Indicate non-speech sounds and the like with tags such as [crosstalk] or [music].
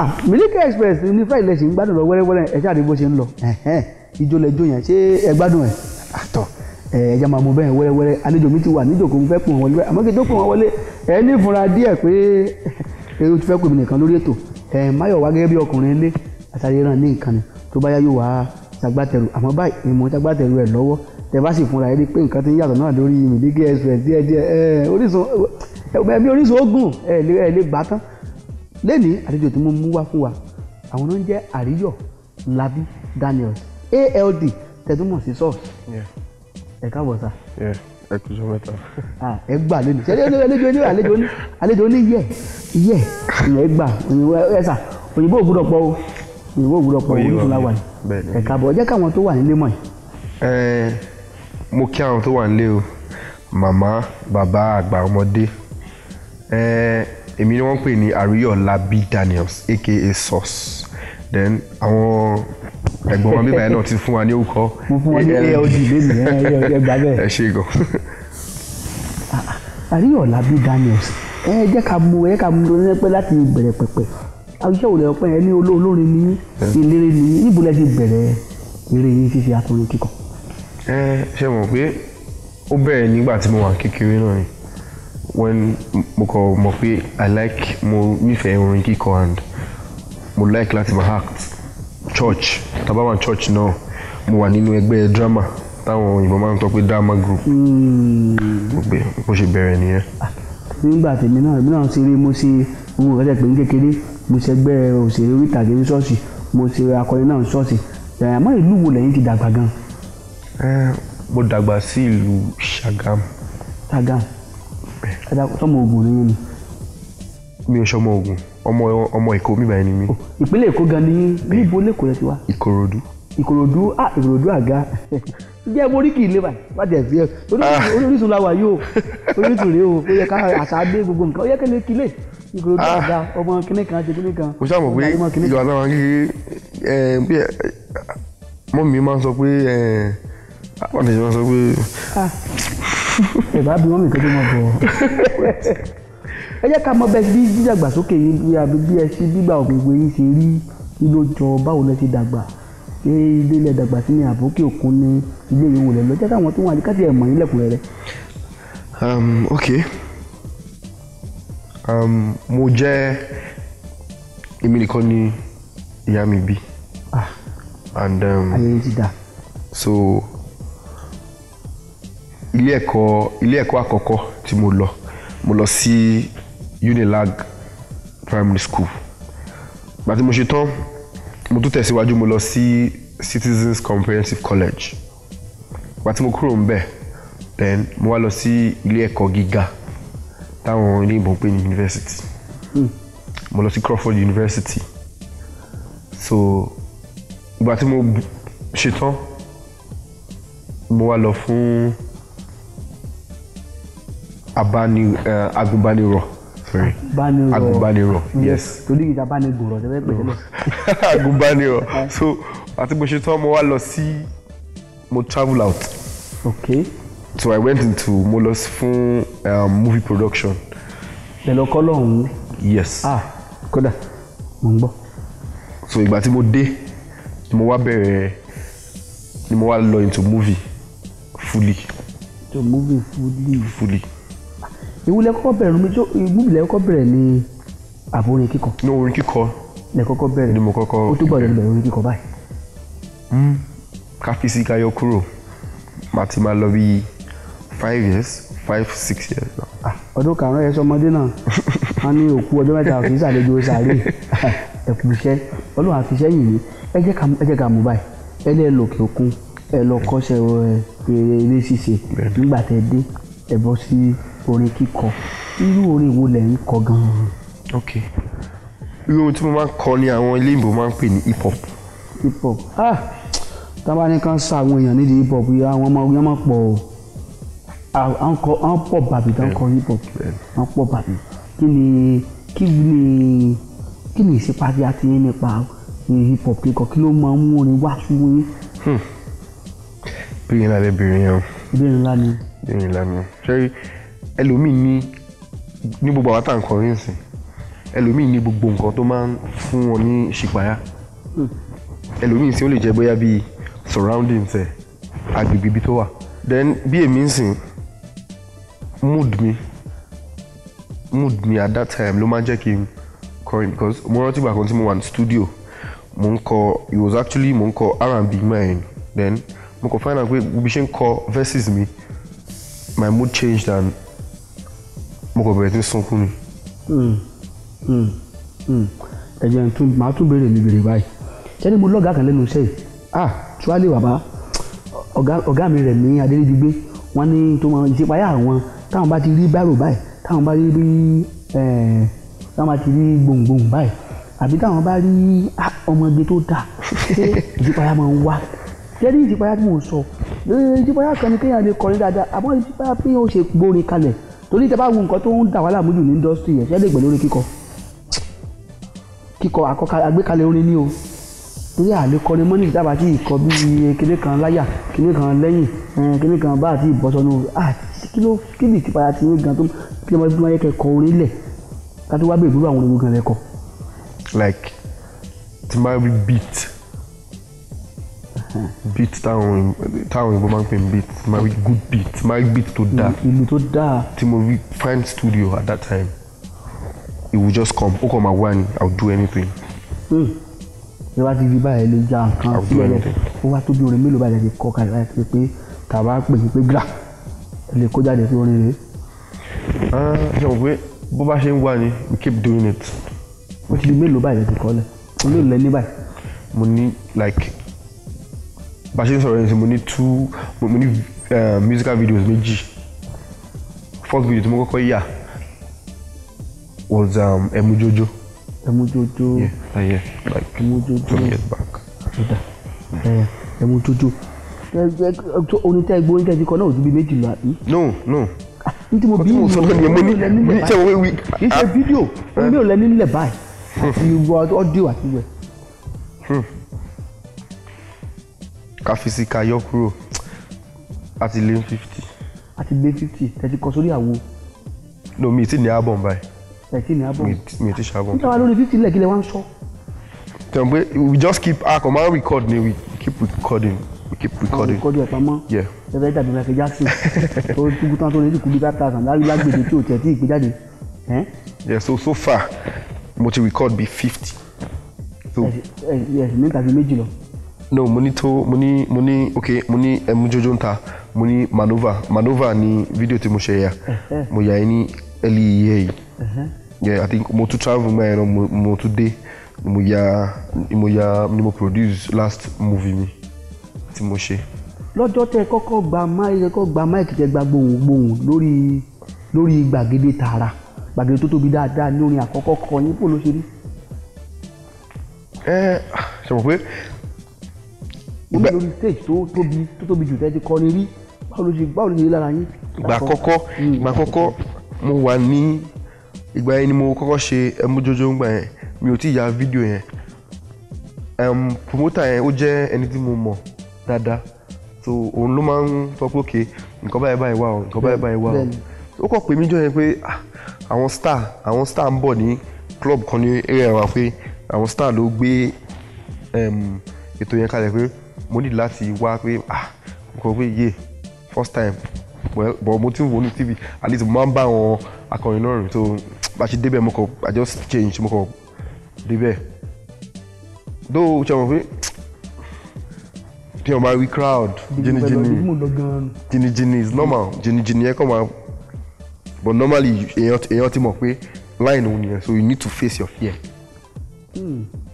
Ah, Miliki Express ní fẹ́ ilẹ̀ ṣì ń gbádùn lọ wẹ́rẹ́wẹ́rẹ́ ẹ ṣáà rí bó ṣe ń lọ ijó lẹjọ yẹn ṣé ẹ gbádùn ah, ẹ àtọ ẹ jẹ́ máa mú bẹ́ẹ̀ wẹ́rẹ́wẹ́rẹ́ àlejò mi ti wà níjòkó mo fẹ́ pò wọn wọlé àmọ́ kí n tó pò wọn wọlé ẹ ní ìfúnra díẹ̀ pé [laughs] ẹ o ti fẹ́ pè mí nìkan lórí ètò ẹ máyọ̀ wá gẹ́gẹ́ bí ọkùnrin ilé àtàrí ràn ní nǹkan ni tó bá yá yóò wá ṣagbátẹrù àmọ́ báyìí mo ṣagbátẹrù ẹ lọ́wọ́ tẹ bá sì fúnra ẹ rí pé nǹkan ti ń yàtọ̀ náà lórí Miliki Express díẹ̀díẹ̀ ẹ Orísun ẹ bí Orísun ó ẹ lè gbà tán lẹ́ni àlejò tí mo mú wá fún wa àwọn náà ń jẹ́ àríyọ̀ labi daniels ald tẹ̀túmọ̀ sí sọ́ọ̀sì ẹ káàbọ̀ sà. ẹ kújọ mẹ́ta. Ah, ẹ gbà lónìí ṣé àlejò ní àlejò ní àlejò ní yẹ yẹ ẹ gbà ẹ sà òyìnbó ògbúdọ̀ pọ̀ o òyìnbó ògbúdọ̀ pọ̀ o orísun láwa yìí ẹ káàbọ̀ jẹ́ káwọn tó wà nílé mọ̀ yìí. ẹ mo kí àwọn tó wà nílé o màmá bàbá àgbà ọmọdé ẹ èmi ni wọ́n pè ní Ariyọ̀lábí Daniels aka Sauce then àwọn ẹ̀gbọ́n wa bíbáyìí náà ti fún wa ní orúkọ. mo fún wọn ní aod lẹ́nu ẹ gbà bẹ́ẹ̀. ẹ ṣe gan. Ariyọ̀lábí ah, ah, Daniels ẹ jẹ́ ká mú ẹ jẹ́ ká mú lórí pẹ́ láti bẹ̀rẹ̀ pẹ̀pẹ̀ àwùjọ òlẹ̀ ọ̀pẹ ẹ ní olórin ní eléré ní níbo lẹ ti bẹ̀rẹ̀ eré yín fífi akọrin kíkọ. ẹ ṣe mọ̀ pé ó bẹ̀rẹ̀ nígbà tí mo wà kékeré náà ni when mo kọ mọ̀ pé i like mo nífẹ̀ẹ́ orin kíkọ and mo like láti máa act church tàbá wà church náà mo wà nínú ẹgbẹ́ drama táwọn òyìnbó máa ń tọ́ pé drama group hmm. mo ṣe bẹ̀rẹ̀ nìyẹn. nígbà tèmi náà èmi náà ti rí mo ṣe ohun ọ̀rẹ́ pé ní kékeré mo ṣẹgbẹ́ òṣèré orí ìtàgé ní ṣọ́ọ̀ṣì mo ṣe akọni náà ní ṣọ́ọ̀ṣì àmọ́ ìlú wo lẹ́yìn ti dàgbà gan. mo dàgbà sí ìlú Ṣàgámù. Ṣàgámù ẹ dá sọmọ ogun ni yín ni. mi ò sọmọ ogun ọmọ ọmọ èkó mi báyìí ni mí. ìpínlẹ̀ èkó gan ni níbo lẹ́kọ̀ọ́ yẹn ti wá. ìkòròdú. ìkòròdú ah ìkòròdú àga jẹ́ mo rí kì í lé báyìí má tẹ̀ sí ẹ ah. orísun la wà yìí o [laughs] orísun rèé o ó yẹ ká àṣà dé gbogbo nǹkan ó yẹ kẹ́lẹ́ kílè ìkòròdú ah. àga ọmọ kínní kan ṣe kínní kan. mo sábà pé ìwà náà wọn kékeré bí mọ́mí máa ń sọ pé wọ́n ti sọ pé ah ẹ bá bí wọn mi kọjú mọ bọ ẹ jẹ́ ká mọ bẹ́ẹ̀ bí dídàgbàsókè yín bí àbí bí ẹ ṣe gbígbà ògbègbè yín ṣe rí nínú ọjọ́ báwo lẹ ṣe dàgbà ṣé ilé ilẹ̀ dàgbà sí ní àbókè òkun ní ilé ìwò lẹ lọ jẹ́ káwọn tó wà ní káṣí ẹ̀ mọ̀ yín lẹ́kùn rẹ̀. Um, ok um, mo jẹ́ èmi nìkan ni ìyá mi bí. ah and. Um, ayẹyẹ ti so ilé ẹ̀kọ́ ilé ẹ̀kọ́ àkọ́kọ́ tí mo lọ mo lọ sí Unilag primary school gbà tí mo ṣe tán mo tún tẹ̀síwájú mo lọ sí Citizens Comprehensive College gbà tí mo kúrò ń bẹ̀ then mo wá lọ sí ilé ẹ̀kọ́ gíga táwọn oníbọn pè ní university mm. mo lọ sí Crawford University so gbà tí mo ṣe tán mo wá lọ fún abani uh, agúnbánirọ̀ sorry agúnbánirọ̀ mm. yes torí ìjà abánigòrò tẹ́lẹ̀ pẹ̀lú. [laughs] agúnbánirọ̀ so àti bó ṣe tán mo wá lọ sí mo travel out. okay. so i went into mo lọ fún um, movie production. pẹ̀lú ọkọ lọ́hùn-ún. yes. ah kódà mo ń gbọ́. so ìgbà tí mo dé ni mo wá bẹ̀rẹ̀ ni mo wá lọ into movie fully. to movie fully. fully ìwú lẹ kọ́kọ́ bẹ̀rẹ̀ mi tó ìgbúbi bẹ̀rẹ̀ ní àbò orin kíkọ. ní orin kíkọ. lẹ bẹ̀rẹ̀ ni mo kọ́kọ́ bẹ̀rẹ̀ o tó gbọ́dọ̀ bẹ̀rẹ̀ orin kíkọ báyìí. Hmm. káfíìsì káyọ kúrò màá ti máa lọ bíi five years five six years now. Ah, ọdún karùn-ún yẹn sọmọdé náà wọn [laughs] ní òkú ọjọ́ mẹ́ta òkú ìsàlejò sàárè ẹ̀kú iṣẹ́ ọlọ́run àfiṣẹ́ yìí ni ẹ jẹ́ ká mú báyìí ẹ lẹ́ lòkè òkun ẹ lọ kọ́ṣẹ́ eré ṣíṣe nígbà orin kíkọ irú orin wo lẹ̀ ń kọ gan-an. ok irú ohun tí mo máa ń kọ ni àwọn ilé ìbò máa ń pè ní hip hop. hip hop ah tábà ní ká ń sa àwọn èèyàn nídìí hip hop yìí àwọn ọmọ yẹn máa pọ̀ àwọn pọ̀ bàbí tó ń kọ hip hop àwọn pọ̀ bàbí kí ni kí ni kí ni ìṣèpàdé àti yín nípa hip hop kíkọ kí ló máa ń mú orin wá sí wọn. bí yín lálẹ́ bí yín yẹn o. bí yín lálẹ́. bí yín lálẹ́ ṣé ẹlòmíì ní ní gbogbo àwọn àtàǹkọ rí nsìn ẹlòmíì ní gbogbo nǹkan tó máa ń fún wọn ní ìṣípayá ẹlòmíì sí ó lè jẹ bóyá bíi surroundings ẹ agbègbè ibi tó wà then bí èmi ń sìn mood mi mood mi at that time ló máa ń jẹ́ kí n kọrin because mo rántí ìgbà kan tí mo wà ní studio mo ń kọ it was actually mo ń kọ R&B mine then mo kàn find out pé bí ṣe ń kọ verses mi my mood changed and mo kò bẹ̀rẹ̀ sí sunkún ni. Hmm, hmm, hmm. ẹ̀jẹ̀ tún màá tún béèrè mi béèrè báyìí ṣé ni mo lọ́gàá kan lẹ́nu iṣẹ́ yìí ah tíwálé bàbá ọ̀gá mi rẹ̀ ní adéríbigbé wọ́n ní tó máa ń àwọn táwọn bá ti rí bárò báyìí táwọn bá rí bí táwọn bá ti rí gbòǹgbòǹ báyìí àbí táwọn bá rí ah, ọmọge tó dà ṣé ìṣípayá máa ń wá ṣé ní ìṣípayá tí mò sọ ìṣípayá kan ní kéèyàn lè kọrin dáadáa àmọ́ ìṣípayá pé ó ṣe gbórin kalẹ̀ torí tẹ bá wo nǹkan tó ń dà wàhálà mú jù ní indọ́sítì yẹn ṣẹ́ lè gbẹ̀ lórí kíkọ kíkọ àgbékalẹ̀ orin ni o torí àlékọrin mọ́nì dábàá tí ìkọ bíi kíní kan láyà kíní kan lẹ́yìn eh, kíní kan bá àti ìbọ́sọ̀nù kí ló kí ni ìtìpadà ti ní gan tó kí ló máa yẹ kẹ́kọ̀ọ́ orin lẹ̀ ká tó wá bèèrè lórí àwọn orin gan lẹ́kọ̀ọ́. like tí n rí beat beat town, táwọn òyìnbó máa ń pè ní beat máa good beat máa rí beat tó dáa ìlú tó dáa tí mo rí find studio at that time it will just come ó kàn máa wá ni i will do anything. ṣé hmm. wàá ti di báyìí lè ja nǹkan sílẹ̀ ó wá tóbi orin mélòó báyìí láti kọ́ kalẹ̀ láti pé tàbá pè é pé gbà lè kó jáde sí orin rẹ̀. Ah, ṣé mo pé bó bá ṣe ń wá ni we keep doing it. ó ti di mélòó báyìí láti kọ́ lẹ̀ olóòlù lẹ́ ní báyìí. mo ní like bá ṣe ń sọ̀rọ̀ yẹn sí mo ní two mo ní eh, musical videos méjì first video tí mo kọ́kọ́ yà was um, emujojo. emujojo yeah, uh, yeah, like emujojo two years back. emujojo eh, orin tẹ gbóyin tẹ ti kọ náà ò ju bíi méjì lọ àbí. no no n tí mo bí ìlú ọ̀rọ̀ yẹn mo ní mo ní sẹ́wọ́n wí. kì í ṣe ah. fídíò omi ò lẹ́ni nílẹ̀ báyìí àti ìwọ àti ìwẹ̀. Hmm ká fi sí ká yọ kúrò àti lé fifty. àti lé fifty tẹ̀sí kọ sórí àwo. no mi ti ní album báyìí. tẹ̀sí ní album mi ti ṣe album. níta wa lórí fifty lẹ́kìlẹ̀ wá ń sọ. tẹ̀wọ́n pé we just keep a kò máa record ni we keep recording we keep recording. record ẹ̀ pamọ́ ẹ̀fẹ̀ dàbí Michael Jackson tó túbú tán tó lè dìkú bí five thousand láyé lágbègbè tí ò tẹ̀ tí ì gbé yeah so so far mo ti record be fifty. ẹ̀sìn mẹ́ta fi méjì lọ no mo ní tó mo ní mo ní ok mo ní ẹmu eh, jojo ń mo ní manova manova ni video ti mo ṣe yà mo yà ní early year yìí yeah i think mo tún travel mọ ẹran mo tún dé mo ya, mo ya. ni mo produce last movie mi Ti mo ṣe. lọ́jọ́ tẹ kọ́kọ́ gba máìkì kọ́kọ́ gba máìkì tẹ gba gbohùngbohùn lórí lórí gbàgede tààrà gbàgede tó tóbi dáadáa ní orin àkọ́kọ́ kọ yín pò ló ṣe rí. ẹ ṣe mọ̀ pé mo ní lórí stage tó tóbi tó tóbi jù tẹ́tí kọrin rí báwo ló ṣe báwo ló ṣe lára yín. ìgbà àkọ́kọ́ hmm. ìgbà àkọ́kọ́ mo wà ní ìgbà yẹn ni mo kọ́kọ́ ṣe ẹmújójó ńgbà yẹn mi ò tí ì ya fídíò yẹn promoter yẹn ó jẹ́ ẹni tí mo mọ̀ dáadáa so òun ló máa ń sọ pé òkè nǹkan báyìí báyìí wà o nǹkan báyìí báyìí wà o ó kọ̀ pé mí jọ yẹn pé ah, àwọn star àwọn star ń bọ̀ ní club kan ní area wa pé àwọn star ló gbé ètò yẹn kalẹ̀ pé mo ní láti wá pé ah mo kọ pé yé first time Well, but mo ti ń wo ní tv at least mo máa ń bá àwọn akọrin náà rìn tó bá ṣe débẹ̀ mo kọ i just change mo kọ débẹ̀ dó o ṣe mọ̀ pé tí wọ́n bá rí crowd jinijini jinijini is normal jinijini yẹn kọ́ máa but normally èèyàn ti mọ̀ pé line òun nìyẹn so you need to face your fear. Mm.